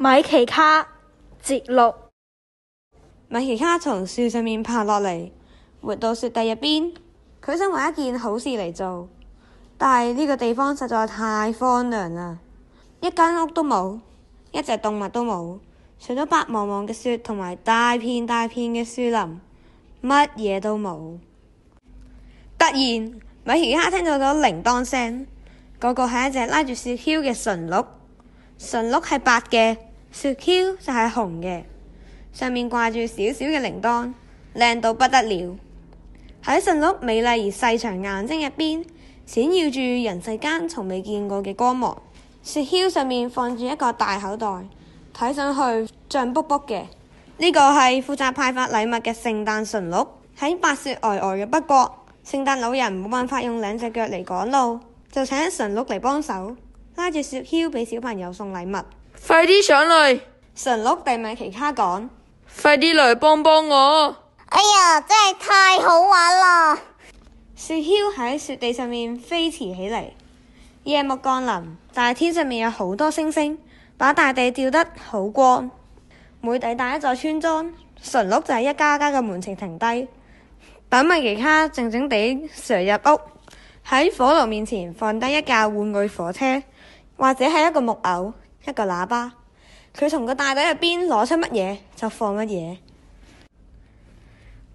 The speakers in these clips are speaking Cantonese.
米奇卡節錄：米奇卡從樹上面爬落嚟，活到雪地入邊。佢想揾一件好事嚟做，但係呢個地方實在太荒涼啦，一間屋都冇，一隻動物都冇，除咗白茫茫嘅雪同埋大片大片嘅樹林，乜嘢都冇。突然，米奇卡聽到咗鈴鐺聲，嗰個係一隻拉住雪橇嘅馴鹿，馴鹿係白嘅。雪橇就係紅嘅，上面掛住少少嘅鈴鐺，靚到不得了。喺神鹿美麗而細長眼睛入邊，閃耀住人世間從未見過嘅光芒。雪橇上面放住一個大口袋，睇上去脹卜卜嘅。呢個係負責派發禮物嘅聖誕神鹿。喺白雪皚皚嘅北國，聖誕老人冇辦法用兩隻腳嚟趕路，就請咗神鹿嚟幫手，拉住雪橇畀小朋友送禮物。快啲上嚟！神鹿對米奇卡講，快啲來幫幫我！哎呀，真係太好玩啦！雪橇喺雪地上面飛馳起嚟。夜幕降臨，大天上面有好多星星，把大地照得好光。每抵達一座村莊，神鹿就喺一家一家嘅門前停低。等米奇卡靜靜地上入屋，喺火爐面前放低一架玩具火車，或者係一個木偶。一個喇叭，佢從個袋袋入邊攞出乜嘢就放乜嘢。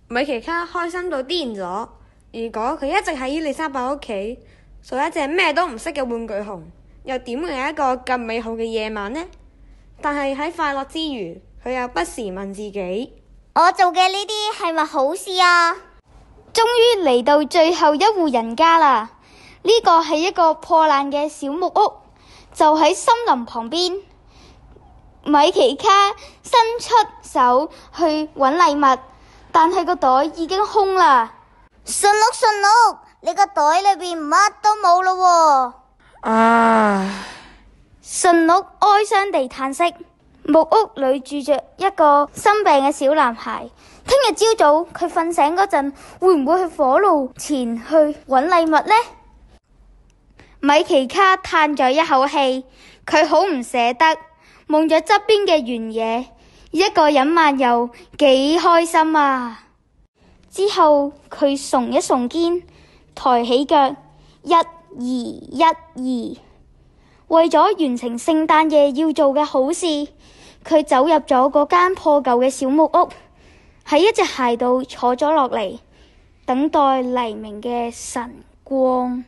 米奇卡開心到癲咗。如果佢一直喺伊利沙伯屋企，做一隻咩都唔識嘅玩具熊，又點會係一個咁美好嘅夜晚呢？但係喺快樂之餘，佢又不時問自己：我做嘅呢啲係咪好事啊？終於嚟到最後一戶人家啦！呢、呢個係一個破爛嘅小木屋。就喺森林旁邊，米奇卡伸出手去揾禮物，但係個袋已經空啦。馴鹿，馴鹿，你個袋裏邊乜都冇啦喎。啊！馴鹿哀傷地嘆息，木屋裏住着一個生病嘅小男孩。聽日朝早佢瞓醒嗰陣，會唔會去火爐前去揾禮物呢？米奇卡嘆咗一口氣，佢好唔捨得望著側邊嘅原野，一個人漫遊，幾開心啊！之後佢聳一聳肩，抬起腳，一二一二，為咗完成聖誕夜要做嘅好事，佢走入咗嗰間破舊嘅小木屋，喺一隻鞋度坐咗落嚟，等待黎明嘅晨光。